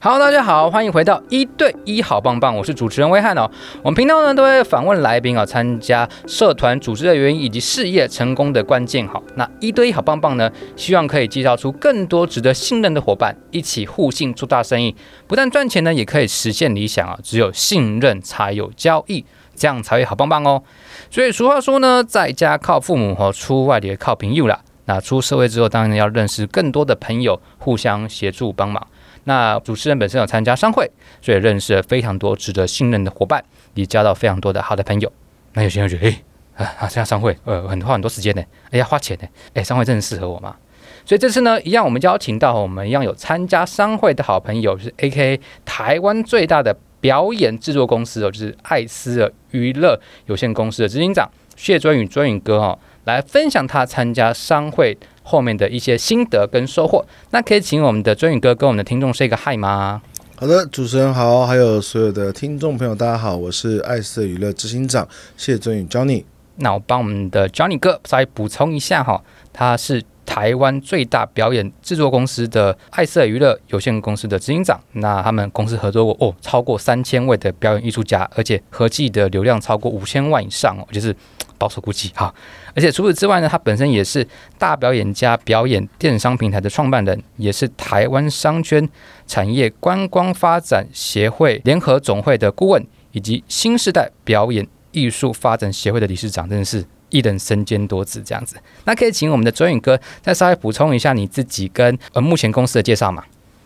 好，Hello, 大家好，歡迎回到一對一好棒棒，我是主持人威漢哦。我們頻道呢都會訪問來賓啊、哦，參加社團組織的原因以及事業成功的關鍵、哦。好，那一對一好棒棒呢，希望可以介紹出更多值得信任的夥伴，一起互信做大生意，不但賺錢呢，也可以實現理想啊、哦。只有信任才有交易，這樣才會好棒棒哦。所以俗話說呢，在家靠父母和、哦、出外地靠朋友啦。那出社會之後，當然要認識更多的朋友，互相協助幫忙。那主持人本身有參加商會，所以認識了非常多值得信任的夥伴，也交到非常多的好的朋友。那有些人覺得，誒、欸，啊，參加商會，呃，很花很多時間呢、欸，誒、欸，要花錢呢、欸。誒、欸，商會真的適合我嗎？所以這次呢，一樣我們邀請到我們一樣有參加商會的好朋友，就是 AKA 台灣最大的表演製作公司哦，就是艾思爾娛樂有限公司的執行長謝尊宇尊宇哥哦、喔，來分享他參加商會後面的一些心得跟收穫，那可以請我們的尊宇哥跟我們的聽眾說一個嗨嗎？好的，主持人好，還有所有的聽眾朋友，大家好，我是艾思爾娛樂執行長謝謝尊宇 Johnny。那我幫我們的 Johnny 哥再補充一下哈，他是台灣最大表演制作公司的艾思爾娛樂有限公司的執行長。那他們公司合作過哦，超過三千位的表演藝術家，而且合計的流量超過五千萬以上哦，就是保守估計哈。而且除此之外呢，他本身也是大表演家表演電商平台的創辦人，也是台灣商圈產業觀光發展協會聯合總會的顧問，以及新時代表演藝術發展協會的理事長，真的是一人身兼多職這樣子。那可以請我們的尊宇哥再稍微補充一下你自己跟呃目前公司的介紹嗎？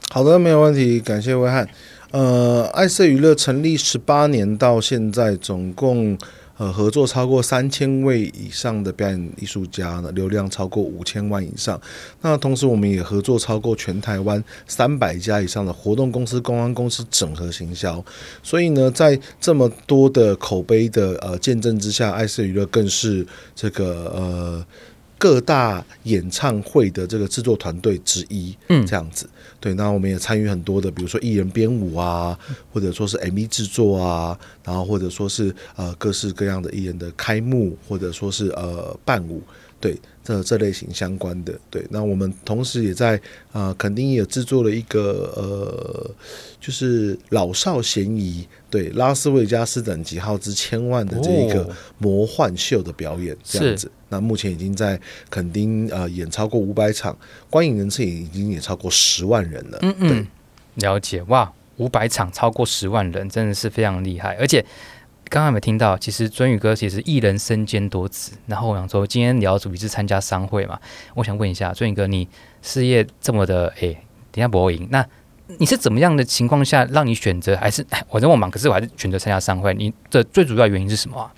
好的，沒有問題，感謝威漢。呃，艾思爾娛樂成立十八年到現在，總共。呃，合作超過三千位以上的表演藝術家呢，流量超過五千萬以上。那同時，我們也合作超過全台灣三百家以上的活動公司、公關公司整合行銷。所以呢，在這麼多的口碑的呃見證之下，艾思爾娛樂更是這個呃。各大演唱會的這個製作團隊之一，嗯，這樣子，對，那我們也參與很多的，比如說藝人編舞啊，或者說是 MV 製作啊，然後或者說是呃各式各樣的藝人的開幕，或者說是呃伴舞。對這這類型相關的，對，那我們同時也在啊，呃、墾丁也制作了一個呃，就是老少咸宜，對拉斯維加斯等級耗資千萬的這一個魔幻秀的表演，哦、這樣子。是那目前已經在墾丁啊、呃、演超過五百場，觀影人次也已經也超過十萬人了。嗯嗯，對了解哇，五百場超過十萬人，真的是非常厲害，而且。剛才有沒有聽到，其實尊宇哥其實一人身兼多職。然後我想說，今天聊主題是參加商會嘛，我想問一下尊宇哥，你事業這麼的誒，等下播贏。那你是怎麼樣的情況下讓你選擇？還是哎，反正我忙，可是我還是選擇參加商會？你的最主要原因是什麼啊？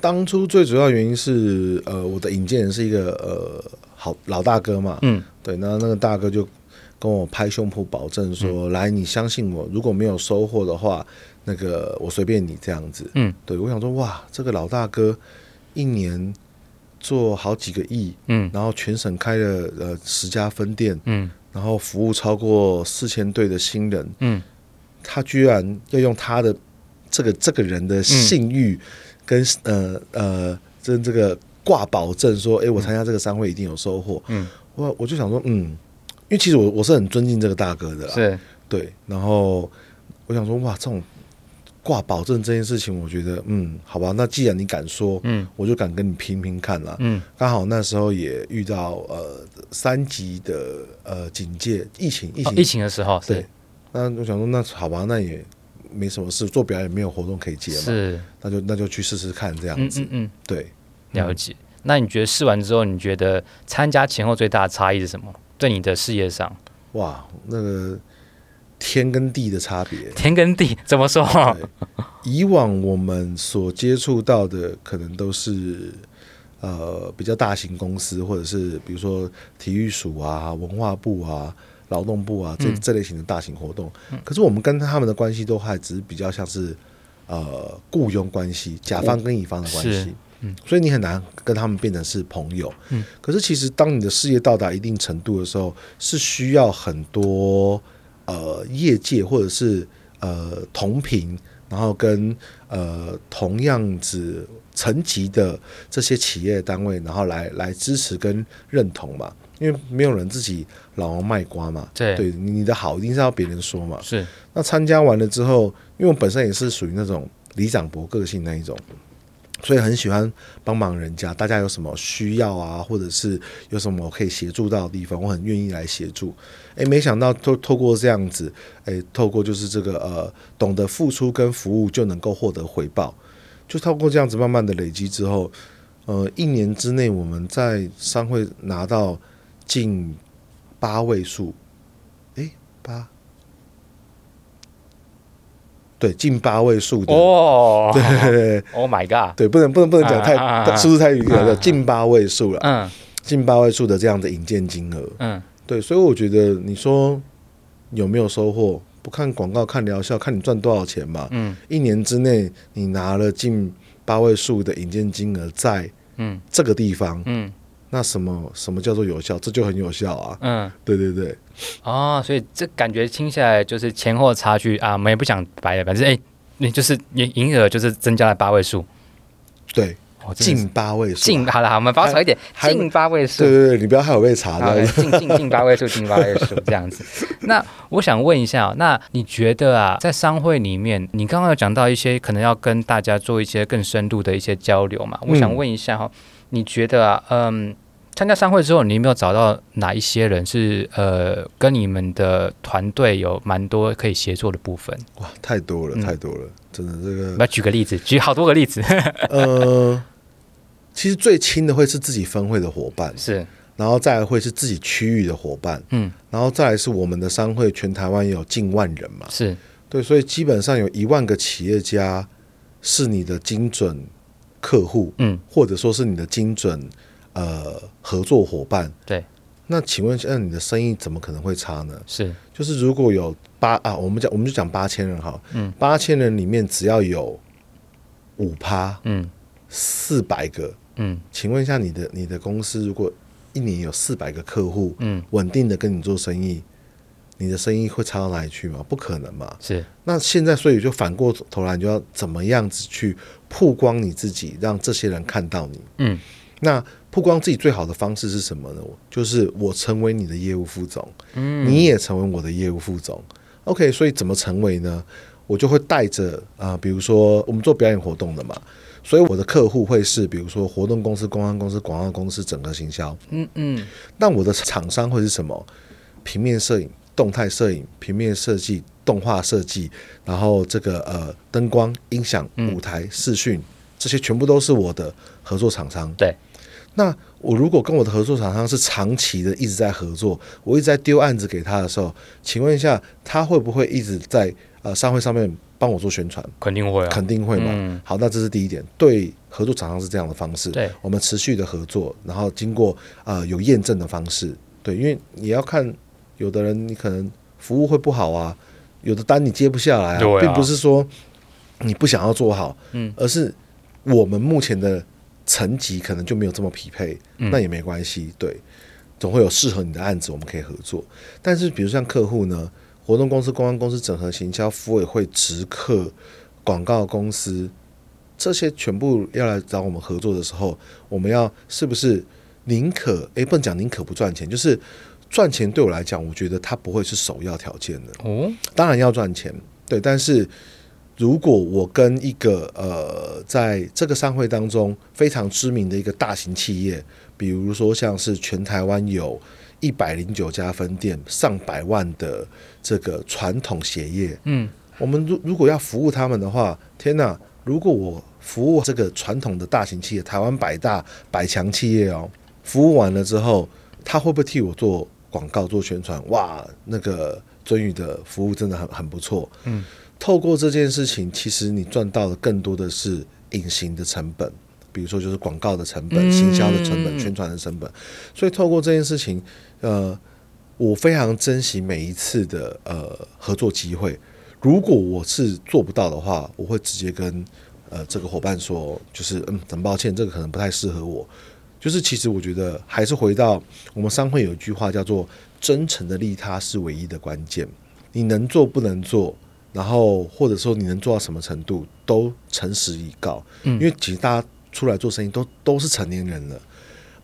當初最主要原因是，呃，我的引薦人是一個呃好老大哥嘛，嗯，對，那那個大哥就跟我拍胸脯保證說，嗯、來，你相信我，如果沒有收穫的話。那個我隨便你這樣子，嗯，嗯，對我想說，哇，這個老大哥一年做好幾個億，嗯，然後全省開了呃十家分店，嗯，然後服務超過四千對的新人，嗯，他居然要用他的這個這個人的信譽跟、嗯、呃呃跟這個掛保證說，哎，我參加這個商會一定有收穫，嗯我，我我就想說，嗯，因為其實我我是很尊敬這個大哥的，是對，然後我想說，哇，這種。掛保證這件事情，我覺得，嗯，好吧，那既然你敢說，嗯，我就敢跟你拼拼看了。嗯，剛好那時候也遇到呃三級的呃警戒疫情，疫情、哦、疫情的時候，對。是，那我想說，那好吧，那也沒什麼事，做表演也沒有活動可以接嘛，是那，那就那就去試試看這樣子，嗯嗯嗯，嗯嗯對，嗯、了解。那你覺得試完之後，你覺得參加前後最大的差異是什麼？對你的事業上，哇，那個。天跟地的差別，天跟地怎麼說？以往我們所接觸到的，可能都是呃比較大型公司，或者是比如說體育署啊、文化部啊、勞動部啊、嗯、這這類型的大型活動。嗯、可是我們跟他們的關係都還只是比較像是呃雇傭關係，甲方跟乙方的關係。嗯、所以你很難跟他們變成是朋友。嗯、可是其實當你的事業到達一定程度的時候，是需要很多。呃，業界或者是呃同頻，然後跟呃同樣子層級的這些企業單位，然後來來支持跟認同嘛，因為沒有人自己老王賣瓜嘛，對，對，你的好一定是要別人說嘛，是。那參加完了之後，因為我本身也是屬於那種李長博個性那一種。所以很喜歡幫忙人家，大家有什麼需要啊，或者是有什麼可以協助到的地方，我很願意來協助。哎，沒想到透透過這樣子，哎，透過就是這個呃，懂得付出跟服務就能夠獲得回報，就透過這樣子慢慢的累積之後，呃，一年之內我們在商會拿到近八位數，哎，八。對，近八位數的哦，oh 對，Oh my god，對、oh my god 不，不能不能講啊啊啊啊，不能講太數字太遠了，啊啊近八位數了，嗯，近八位數的這樣的引薦金額，嗯，對，所以我覺得你說有沒有收穫，不看廣告，看療效，看你賺多少錢嘛，嗯，一年之內你拿了近八位數的引薦金額，在嗯這個地方，嗯。嗯那什麼什麼叫做有效？這就很有效啊！嗯，對對對，哦，所以這感覺聽下來就是前後差距啊。我們也不想掰了，反正是哎，你就是你營業額就是增加了八位數，對，近、哦、八位數、啊，好了，好，我們保守一點，近八位數。對對對，你不要害我被查到，近近、okay, 近八位數，近 八位數這樣子。那我想問一下、哦，那你覺得啊，在商會裡面，你剛剛有講到一些可能要跟大家做一些更深度的一些交流嘛？我想問一下哈、哦，嗯、你覺得啊，嗯？參加商會之後，你有沒有找到哪一些人是呃、跟你們的團隊有蠻多可以協作的部分？哇，太多了，嗯、太多了，真的這個。來舉個例子，舉好多個例子。呃， 其實最親的會是自己分會的夥伴，是，然後再來會是自己區域的夥伴，嗯，然後再來是我們的商會全台灣有近萬人嘛，是，對，所以基本上有一萬個企業家是你的精準客戶，嗯，或者說是你的精準。呃，合作夥伴，對，那請問，那你的生意怎麼可能會差呢？是，就是如果有八啊，我們講，我們就講八千人好，嗯，八千人裡面只要有五趴，嗯，四百個，嗯，請問一下，你的你的公司如果一年有四百個客戶，嗯，穩定的跟你做生意，嗯，你的生意會差到哪裡去嗎？不可能嘛，是。那現在，所以就反過頭來，你就要怎麼樣子去曝光你自己，讓這些人看到你，嗯。那曝光自己最好的方式是什麼呢？就是我成為你的業務副總，嗯、你也成為我的業務副總，OK。所以怎麼成為呢？我就會帶着啊，比如說我們做表演活動的嘛，所以我的客戶會是比如說活動公司、公關公司、廣告公司、整個行銷，嗯嗯。那我的廠商會是什麼？平面攝影、動態攝影、平面設計、動畫設計，然後這個呃燈光、音響、舞台、視訊，嗯、這些全部都是我的合作廠商，對。那我如果跟我的合作廠商是長期的一直在合作，我一直在丟案子給他的時候，請問一下，他會不會一直在呃商會上面幫我做宣傳？肯定會、啊，肯定會嘛。嗯、好，那這是第一點，對合作廠商是這樣的方式。對，我們持續的合作，然後經過呃有驗證的方式。對，因為你要看，有的人你可能服務會不好啊，有的單你接不下來、啊，對啊、並不是說你不想要做好，嗯，而是我們目前的。層級可能就沒有這麼匹配，那也沒關係，嗯、對，總會有適合你的案子，我們可以合作。但是，比如像客戶呢，活動公司、公關公司、整合行銷、服務委會、直客、廣告公司，這些全部要來找我們合作的時候，我們要是不是寧可？哎、欸，不能講寧可不賺錢，就是賺錢對我來講，我覺得它不會是首要條件的。哦，當然要賺錢，對，但是。如果我跟一個呃，在這個商會當中非常知名的一個大型企業，比如說像是全台灣有一百零九家分店、上百萬的這個傳統鞋業，嗯，我們如如果要服務他們的話，天哪！如果我服務這個傳統的大型企業、台灣百大百強企業哦，服務完了之後，他會不會替我做廣告、做宣傳？哇，那個尊宇的服務真的很很不錯，嗯。透過這件事情，其實你賺到的更多的是隱形的成本，比如說就是廣告的成本、行銷的成本、宣傳的成本。嗯嗯嗯嗯，所以透過這件事情，呃，我非常珍惜每一次的呃合作機會。如果我是做不到的話，我會直接跟呃這個夥伴說，就是嗯，很抱歉，這個可能不太適合我。就是其實我覺得還是回到我們商會有一句話叫做“真誠的利他是唯一的關鍵”。你能做不能做？然後，或者說你能做到什麼程度，都誠實以告。嗯，因為其實大家出來做生意都都是成年人了，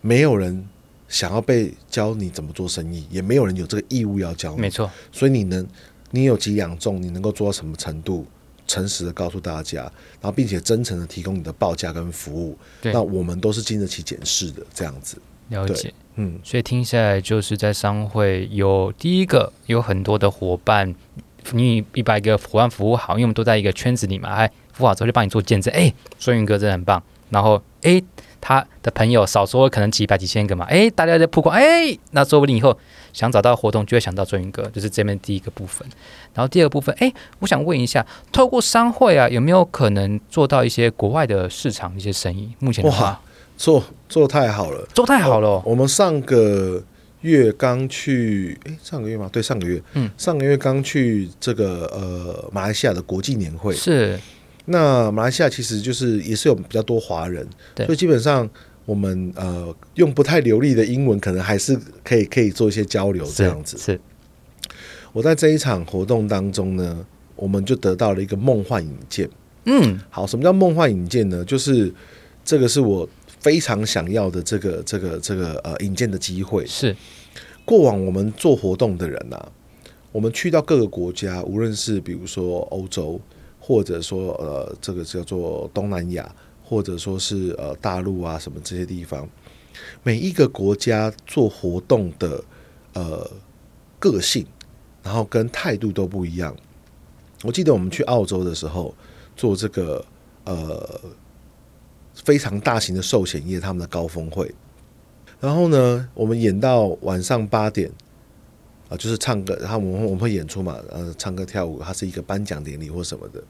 沒有人想要被教你怎麼做生意，也沒有人有這個義務要教你。沒錯，所以你能，你有幾兩重，你能夠做到什麼程度，誠實的告訴大家，然後並且真誠的提供你的報價跟服務。對，那我們都是經得起檢視的這樣子。了解，嗯，所以聽下來就是在商會有第一個有很多的夥伴。你一百個夥伴服務好，因為我們都在一個圈子裡嘛，哎，服務好之後就幫你做見證，哎，尊宇哥真的很棒，然後哎，他的朋友少說可能幾百幾千個嘛，哎，大家在曝光，哎，那說不定以後想找到活動就會想到尊宇哥，就是這邊第一個部分。然後第二個部分，哎，我想問一下，透過商會啊，有沒有可能做到一些國外的市場一些生意？目前的話哇，做做太好了，做太好了，哦，我們上個。月剛去誒，上個月嗎？對，上個月。嗯，上個月剛去這個呃馬來西亞的國際年會。是。那馬來西亞其實就是也是有比較多華人，對所以基本上我們呃用不太流利的英文，可能還是可以可以做一些交流這樣子。是。是。我在這一場活動當中呢，我們就得到了一個夢幻引薦。嗯，好，什麼叫夢幻引薦呢？就是這個是我。非常想要的這個這個這個呃引薦的機會是，過往我們做活動的人吶、啊，我們去到各個國家，無論是比如說歐洲，或者說呃這個叫做東南亞，或者說是呃大陸啊什麼這些地方，每一個國家做活動的呃個性，然後跟態度都不一樣。我記得我們去澳洲的時候做這個呃。非常大型的壽險業他們的高峰會，然後呢，我們演到晚上八點，啊，就是唱歌，然後我們我們會演出嘛，呃，唱歌跳舞，它是一個頒獎典禮或什麼的，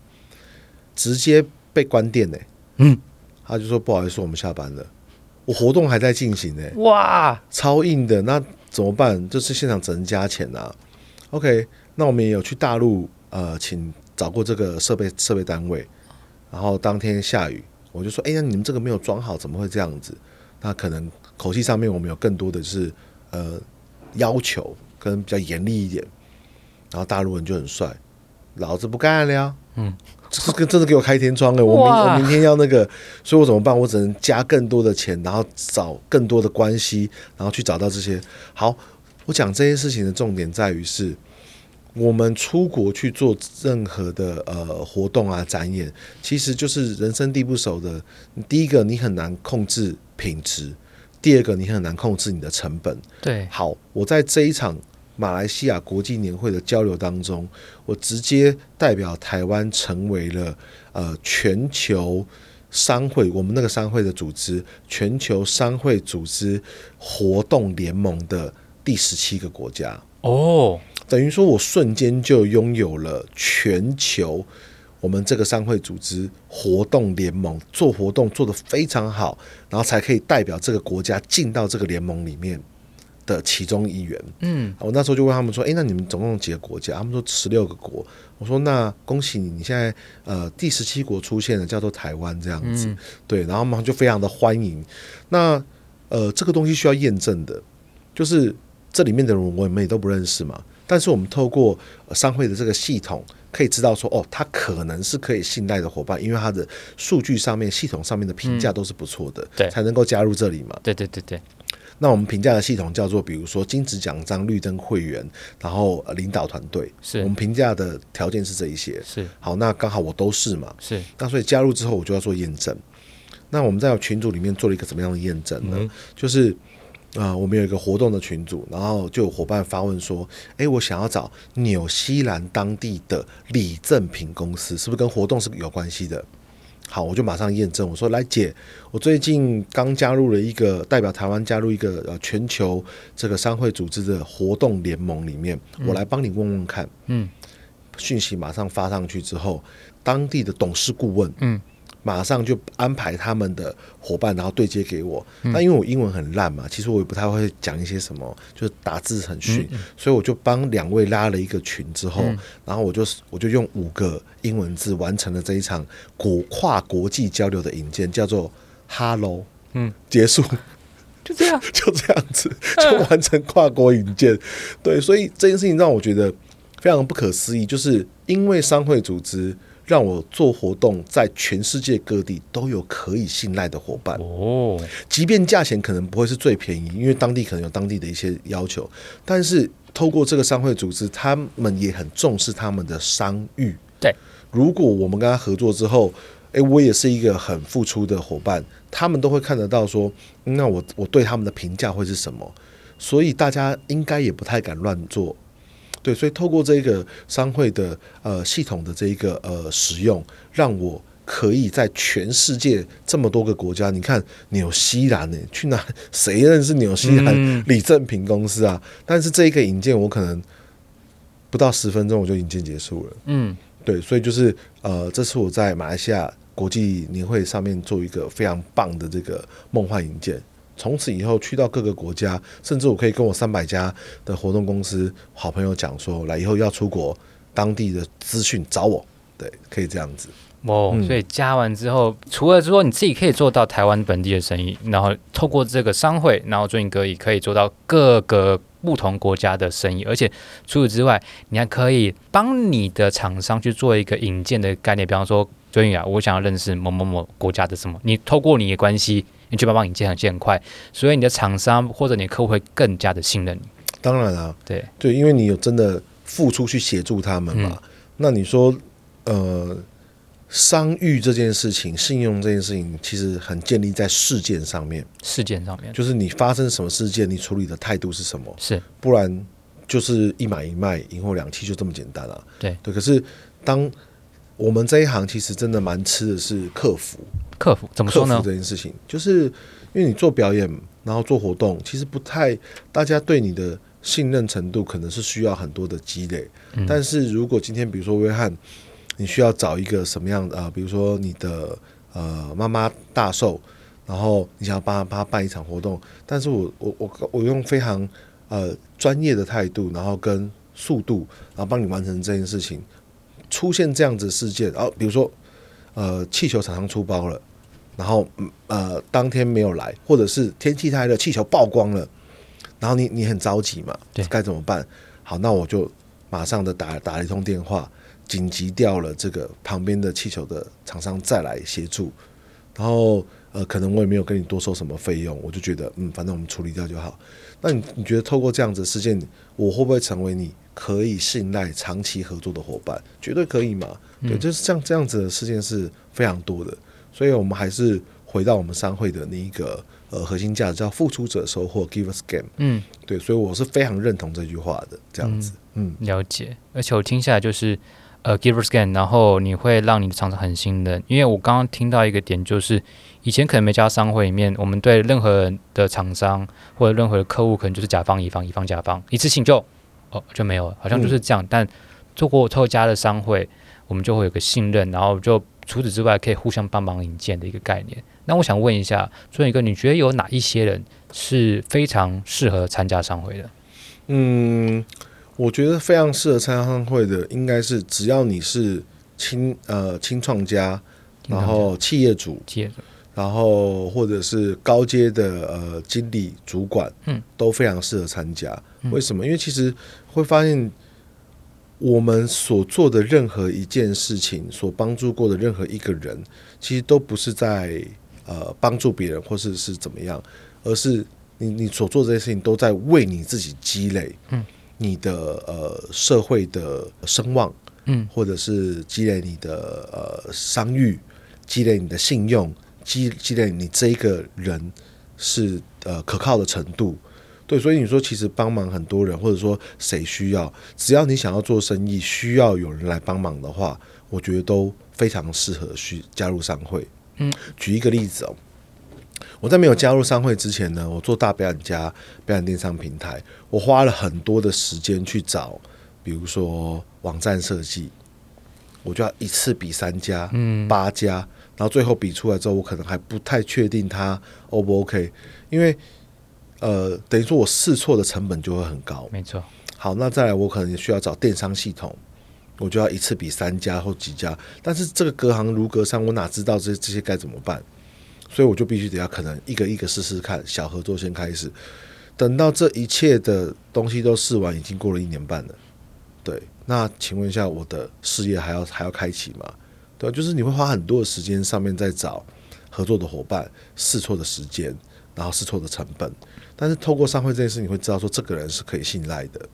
直接被關店呢。嗯，他就說不好意思，我們下班了，我活動還在進行呢。哇，超硬的，那怎麼辦？就是現場只能加錢吶，啊，OK，那我們也有去大陸呃，請找過這個設備設備單位，然後當天下雨。我就說，哎呀，你們這個沒有裝好，怎麼會這樣子？那可能口氣上面我們有更多的是，呃，要求可能比較嚴厲一點。然後大陸人就很帥，老子不幹了，嗯，這是，這是給我開天窗哎，欸，我明哇我明天要那個，所以我怎麼辦？我只能加更多的錢，然後找更多的關係，然後去找到這些。好，我講這件事情的重點在於是。我們出國去做任何的呃活動啊、展演，其實就是人生地不熟的。第一個，你很難控制品質；第二個，你很難控制你的成本。對。好，我在這一場馬來西亞國際年會的交流當中，我直接代表臺灣成為了呃全球商會，我們那個商會的組織，全球商會組織活動聯盟的第十七個國家。哦。等於說，我瞬間就擁有了全球我們這個商會組織活動聯盟做活動做得非常好，然後才可以代表這個國家進到這個聯盟裡面的其中一員。嗯，我那時候就問他們說：“哎，那你們總共幾個國家？”他們說：“十六個國。”我說：“那恭喜你，你現在呃第十七國出現了，叫做台灣這樣子。”嗯，對，然後馬上就非常的歡迎。那呃，這個東西需要驗證的，就是這裡面的人我們也都不認識嘛。但是我們透過商會的這個系統，可以知道說，哦，他可能是可以信賴的夥伴，因為他的數據上面、系統上面的評價都是不錯的，嗯、對，才能夠加入這裡嘛。對對對對。那我們評價的系統叫做，比如說金質獎章、綠燈會員，然後呃領導團隊，是我們評價的條件是這一些。是。好，那剛好我都是嘛。是。那所以加入之後，我就要做驗證。那我們在群組裡面做了一個怎麼樣的驗證呢？嗯、就是。啊、呃，我們有一個活動的群組，然後就有夥伴發問說：“哎，我想要找紐西蘭當地的禮贈品公司，是不是跟活動是有關係的？”好，我就馬上驗證。我說：“來姐，我最近剛加入了一個代表台灣加入一個呃全球這個商會組織的活動聯盟裡面，我來幫你問問看。”嗯，訊息馬上發上去之後，當地的董事顧問嗯。馬上就安排他們的夥伴，然後對接給我。那、嗯、因為我英文很爛嘛，其實我也不太會講一些什麼，就是打字很遜，嗯嗯、所以我就幫兩位拉了一個群之後，嗯、然後我就我就用五個英文字完成了這一場國跨國際交流的引薦，叫做 Hello，嗯，結束，就這樣， 就這樣子就完成跨國引薦。嗯、對，所以這件事情讓我覺得非常不可思議，就是因為商會組織。讓我做活動，在全世界各地都有可以信賴的夥伴哦。即便價錢可能不會是最便宜，因為當地可能有當地的一些要求，但是透過這個商會組織，他們也很重視他們的商譽。對，如果我們跟他合作之後，欸，我也是一個很付出的夥伴，他們都會看得到說，嗯，那我我對他們的評價會是什麼？所以大家應該也不太敢亂做。對，所以透過這個商會的呃系統的這一個呃使用，讓我可以在全世界這麼多個國家，你看紐西蘭呢、欸，去哪誰認識紐西蘭李正平公司啊？嗯、但是這一個引薦我可能不到十分鐘我就引薦結束了。嗯，對，所以就是呃，這次我在馬來西亞國際年會上面做一個非常棒的這個夢幻引薦。從此以後去到各個國家，甚至我可以跟我三百家的活動公司好朋友講說，來以後要出國，當地的資訊找我。對，可以這樣子。哦，所以加完之後，嗯、除了說你自己可以做到台灣本地的生意，然後透過這個商會，然後尊宇哥也可以做到各個不同國家的生意。而且除此之外，你還可以幫你的廠商去做一個引薦的概念，比方說尊宇啊，我想要認識某某某某國家的什麼，你透過你的關係。你去幫幫你建很快，所以你的廠商或者你的客戶會更加的信任你。當然啊對對，因為你有真的付出去協助他們嘛。嗯、那你說，呃，商譽這件事情、信用這件事情，其實很建立在事件上面。事件上面，就是你發生什麼事件，你處理的態度是什麼？是，不然就是一買一賣，銀貨兩訖就這麼簡單了，啊。對對，可是當我們這一行其實真的蠻吃的是客服。克服怎麼說呢？這件事情就是因為你做表演，然後做活動，其實不太，大家對你的信任程度可能是需要很多的積累。嗯、但是如果今天比如說威翰，你需要找一個什麼樣的啊、呃？比如說你的呃媽媽大壽，然後你想要幫他幫他辦一場活動，但是我我我我用非常呃專業的態度，然後跟速度，然後幫你完成這件事情，出現這樣子事件，然後、哦、比如說。呃，氣球廠商出包了，然後呃，當天沒有來，或者是天氣太熱，氣球曝光了，然後你你很着急嘛？對該怎麼辦？好，那我就馬上的打打了一通電話，緊急調了這個旁邊的氣球的廠商再來協助。然後呃，可能我也沒有跟你多收什麼費用，我就覺得嗯，反正我們處理掉就好。那你你覺得透過這樣子事件，我會不會成為你，可以信賴長期合作的夥伴，絕對可以嘛？對，就是像這樣子的事件是非常多的，嗯、所以我們還是回到我們商會的那一個呃核心價值，叫付出者收穫，Givers gain 嗯，對，所以我是非常認同這句話的，這樣子。嗯，嗯了解。而且我聽下來就是呃，Givers gain 然後你會讓你的廠商很信任，因為我剛剛聽到一個點，就是以前可能沒加商會裡面，我們對任何的廠商或者任何的客戶，可能就是甲方乙方乙方甲方，一次性就。哦，就沒有了，好像就是這樣。嗯、但做過特加的商會，我們就會有個信任，然後就除此之外可以互相幫忙引薦的一個概念。那我想問一下尊宇哥，你覺得有哪一些人是非常適合參加商會的？嗯，我覺得非常適合參加商會的，應該是只要你是青呃青創家，然後企業主。然後，或者是高階的呃經理、主管，嗯，都非常適合參加。嗯，為什麼？因為其實會發現，我們所做的任何一件事情，所幫助過的任何一個人，其實都不是在呃幫助別人，或是是怎麼樣，而是你你所做的這些事情都在為你自己積累，嗯，你的呃社會的聲望，嗯，或者是積累你的呃商譽，積累你的信用。積積累，你這一個人是呃可靠的程度，對，所以你說其實幫忙很多人，或者說誰需要，只要你想要做生意，需要有人來幫忙的話，我覺得都非常適合去加入商會。嗯，舉一個例子哦，我在沒有加入商會之前呢，我做大表演家，表演電商平台，我花了很多的時間去找，比如說網站設計。我就要一次比三家，嗯，八家，然後最後比出來之後，我可能還不太確定它 O 不 OK，因為呃，等於說我試錯的成本就會很高，沒錯。好，那再來，我可能需要找電商系統，我就要一次比三家或幾家，但是這個隔行如隔山，我哪知道這這些該怎麼辦？所以我就必須得要可能一個一個試試看，小合作先開始，等到這一切的東西都試完，已經過了一年半了，對。那請問一下，我的事業還要還要開啟嗎？對啊，就是你會花很多的時間上面在找合作的夥伴，試錯的時間，然後試錯的成本。但是透過商會這件事，你會知道說，這個人是可以信賴的，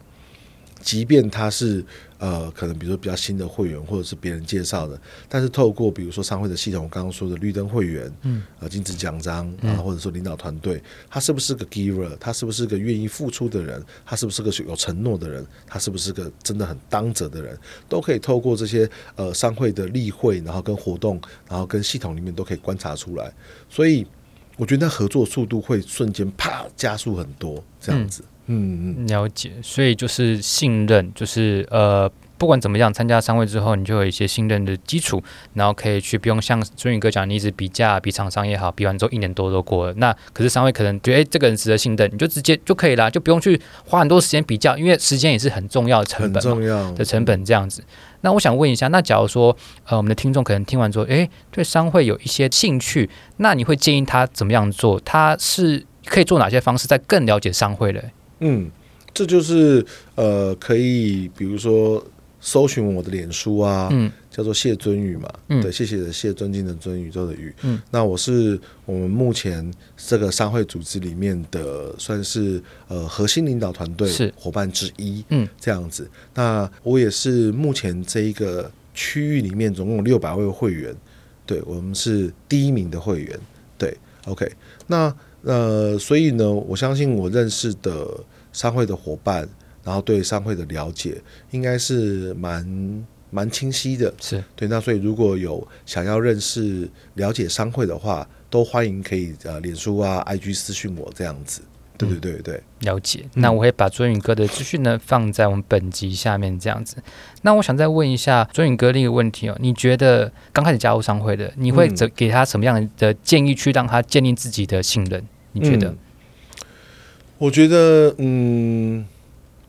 即便他是。呃，可能比如說比較新的會員，或者是別人介紹的，但是透過比如說商會的系統，剛剛說的綠燈會員，嗯，呃，金質獎章啊，嗯、然後或者說領導團隊，他是不是個 giver，他是不是個願意付出的人，他是不是個有承諾的人，他是不是個真的很當責的人，都可以透過這些呃商會的例會，然後跟活動，然後跟系統裡面都可以觀察出來。所以我覺得合作速度會瞬間啪加速很多，這樣子。嗯嗯，了解，所以就是信任，就是呃，不管怎麼樣，參加商會之後，你就有一些信任的基礎，然後可以去不用像尊宇哥講，你一直比價、比廠商也好，比完之後一年多都過了。那可是商會可能覺得，哎、欸，這個人值得信任，你就直接就可以啦，就不用去花很多時間比較，因為時間也是很重要的成本嘛，很重要的成本。這樣子，那我想問一下，那假如說呃，我們的聽眾可能聽完之後，哎、欸，對商會有一些興趣，那你會建議他怎麼樣做？他是可以做哪些方式，再更了解商會的、欸？嗯，這就是呃，可以比如說搜尋我的臉書啊，嗯，叫做謝尊宇嘛，嗯，對，謝謝的謝，尊敬的尊，宇宙的宇，嗯，那我是我們目前這個商會組織裡面的算是呃核心領導團隊夥伴之一，嗯，這樣子，那我也是目前這一個區域裡面，總共有六百位會員，對，我們是第一名的會員，對，OK，那呃，所以呢，我相信我認識的。商會的夥伴，然後對商會的了解應該是蠻蠻清晰的。是對，那所以如果有想要認識、了解商會的話，都歡迎可以呃，臉書啊、IG 私訊我這樣子。對不對對對、嗯，了解。嗯，那我會把尊宇哥的資訊呢，放在我們本集下面這樣子。那我想再問一下尊宇哥的一個問題哦，你覺得剛開始加入商會的，你會給他什麼樣的建議去讓他建立自己的信任？嗯，你覺得？嗯我覺得，嗯，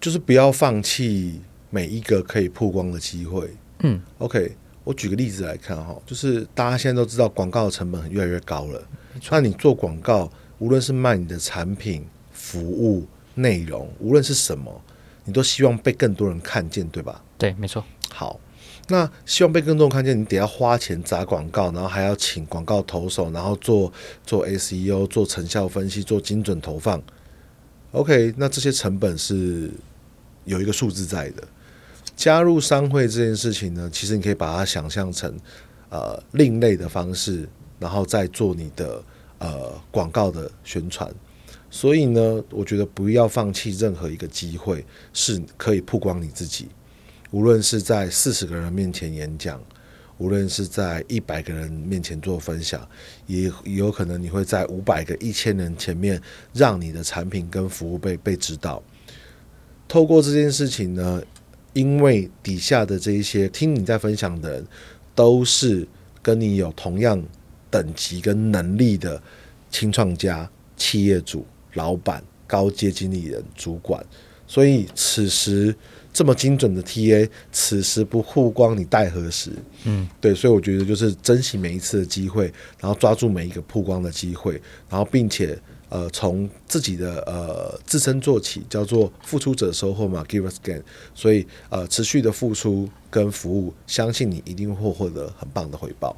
就是不要放棄每一個可以曝光的機會。嗯，OK，我舉個例子來看哈，就是大家現在都知道廣告的成本越來越高了。那你做廣告，無論是賣你的產品、服務、內容，無論是什麼，你都希望被更多人看見，對吧？對，沒錯。好，那希望被更多人看見，你得要花錢砸廣告，然後還要請廣告投手，然後做做 SEO，做成效分析，做精準投放。OK，那這些成本是有一個數字在的。加入商會這件事情呢，其實你可以把它想象成，呃，另類的方式，然後再做你的呃廣告的宣傳。所以呢，我覺得不要放棄任何一個機會，是可以曝光你自己，無論是在四十個人面前演講。無論是在一百個人面前做分享，也有可能你會在五百個、一千人前面，讓你的產品跟服務被被知道。透過這件事情呢，因為底下的這一些聽你在分享的人，都是跟你有同樣等級跟能力的青創家、企業主、老闆、高階經理人、主管，所以此時。這麼精準的 TA，此時不曝光你待何時？嗯，對，所以我覺得就是珍惜每一次的機會，然後抓住每一個曝光的機會，然後並且呃從自己的呃自身做起，叫做付出者收穫嘛，Givers gain。所以呃持續的付出跟服務，相信你一定會獲得很棒的回報。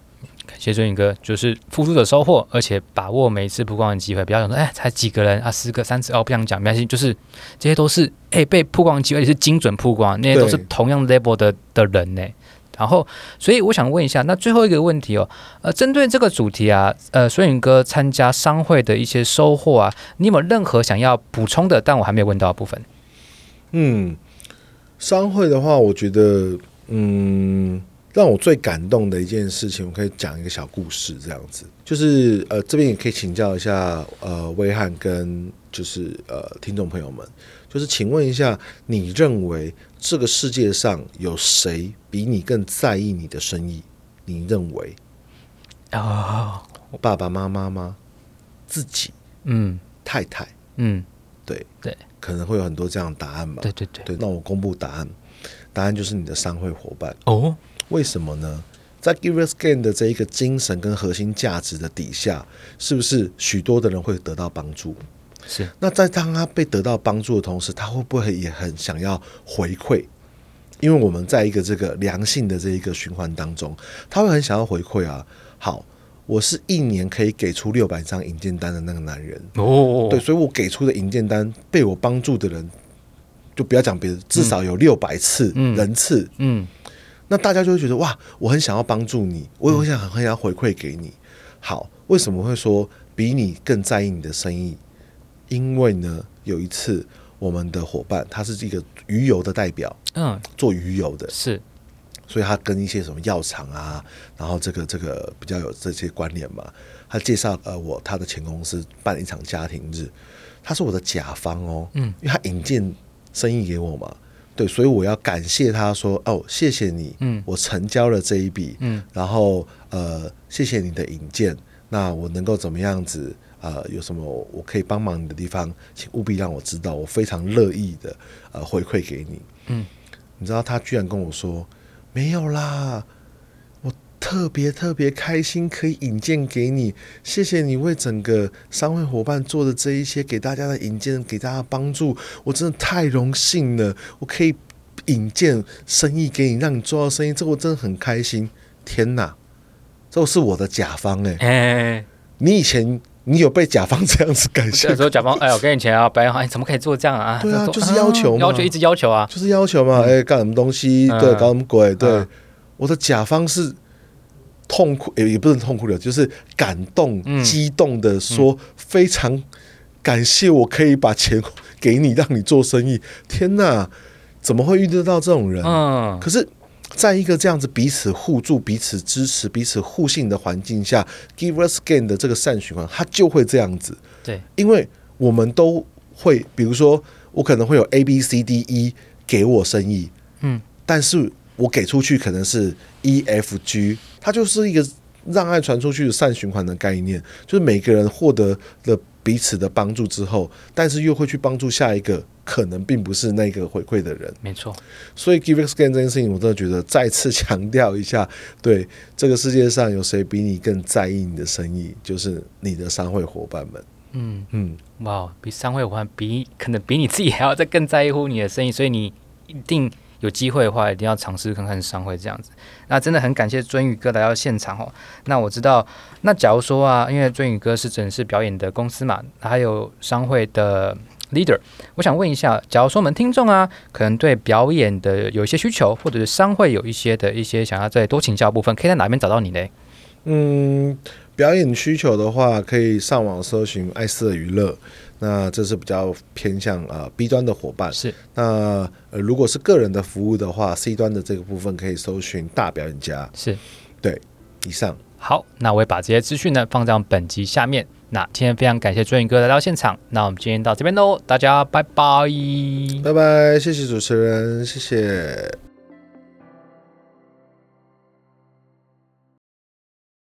感謝，謝尊宇哥，就是付出的收穫，而且把握每一次曝光的機會，不要想說哎，才幾個人啊，四個、三十哦，不想講，沒關係。就是這些都是哎、欸、被曝光的機會，也是精準曝光，那些都是同樣 level 的的人呢。對然後，所以我想問一下，那最後一個問題哦，呃，針對這個主題啊，呃，尊宇哥參加商會的一些收穫啊，你有，沒有任何想要補充的？但我還沒有問到的部分。嗯，商會的話，我覺得嗯。讓我最感動的一件事情，我可以講一個小故事，這樣子。就是呃，這邊也可以請教一下呃，威漢跟就是呃，聽眾朋友們，就是請問一下，你認為這個世界上有誰比你更在意你的生意？你認為啊，爸爸媽媽嗎？自己？嗯，太太？嗯，對對，對可能會有很多這樣的答案吧。對對對，對，那我公布答案，答案就是你的商會伙伴哦。為什麼呢？在 Givers Gain 的這一個精神跟核心價值的底下，是不是許多的人會得到幫助？是。那在當他被得到幫助的同時，他會不會也很想要回饋？因為我們在一個這個良性的這一個循環當中，他會很想要回饋啊。好，我是一年可以給出六百張引薦單的那個男人哦,哦。對，所以，我給出的引薦單被我幫助的人，就不要講別人，至少有六百次人次，嗯。嗯嗯那大家就會覺得哇，我很想要幫助你，我也會想很想要回饋給你。嗯、好，為什麼會說比你更在意你的生意？因為呢，有一次我們的夥伴他是一個魚油的代表，嗯，做魚油的是，所以他跟一些什麼藥廠啊，然後這個這個比較有這些關聯嘛。他介紹呃我他的前公司辦了一場家庭日，他是我的甲方哦，嗯，因為他引薦生意給我嘛。對，所以我要感謝他說：“哦，謝謝你，嗯，我成交了這一筆，嗯，然後呃，謝謝你的引薦，那我能夠怎麼樣子啊、呃？有什麼我可以幫忙你的地方，請務必讓我知道，我非常樂意的、呃、回饋給你。”嗯，你知道他居然跟我說：“沒有啦。”特別特別開心，可以引薦給你，謝謝你為整個商會伙伴做的這一些，給大家的引薦，給大家的幫助，我真的太榮幸了。我可以引薦生意給你，讓你做到生意，這個、我真的很開心。天哪，這是我的甲方哎、欸！欸欸欸你以前你有被甲方這樣子感謝？我說甲方哎、欸，我給你錢啊，白花，哎、欸，怎麼可以做這樣啊？對啊，就是要求要求一直要求啊，就是要求嘛，哎、嗯，幹、啊欸、什麼東西？嗯、對，搞什麼鬼？嗯、對，嗯、我的甲方是。痛苦也也不是痛苦的，就是感動、嗯、激動的說，非常感謝我可以把錢給你，讓你做生意。天哪，怎麼會遇得到這種人啊？嗯、可是，在一個這樣子彼此互助、彼此支持、彼此互信的環境下、嗯、Givers gain 的這個善循環，它就會這樣子。對，因為我們都會，比如說，我可能會有 A、B、C、D、E 給我生意，嗯，但是。我給出去可能是 EFG，它就是一個讓愛傳出去的善循環的概念，就是每個人獲得了彼此的幫助之後，但是又會去幫助下一個，可能並不是那個回饋的人。沒錯，所以 Givers Gain 這件事情，我真的覺得再次強調一下，對這個世界上有誰比你更在意你的生意？就是你的商會伙伴們。嗯嗯，嗯哇，比商會伙伴比可能比你自己還要再更在乎你的生意，所以你一定。有機會的話，一定要嘗試看看商會這樣子。那真的很感謝尊宇哥來到現場哦。那我知道，那假如說啊，因為尊宇哥是正式表演的公司嘛，還有商會的 leader，我想問一下，假如說我們聽眾啊，可能對表演的有一些需求，或者是商會有一些的一些想要再多請教部分，可以在哪邊找到你呢？嗯。表演需求的話，可以上網搜尋艾思爾娛樂，那這是比較偏向呃 B 端的夥伴。是，那、呃、如果是個人的服務的話，C 端的這個部分可以搜尋大表演家。是，對，以上。好，那我也把這些資訊呢放在我們本集下面。那今天非常感謝尊宇哥來到現場。那我們今天到這邊嘍，大家拜拜，拜拜，謝謝主持人，謝謝。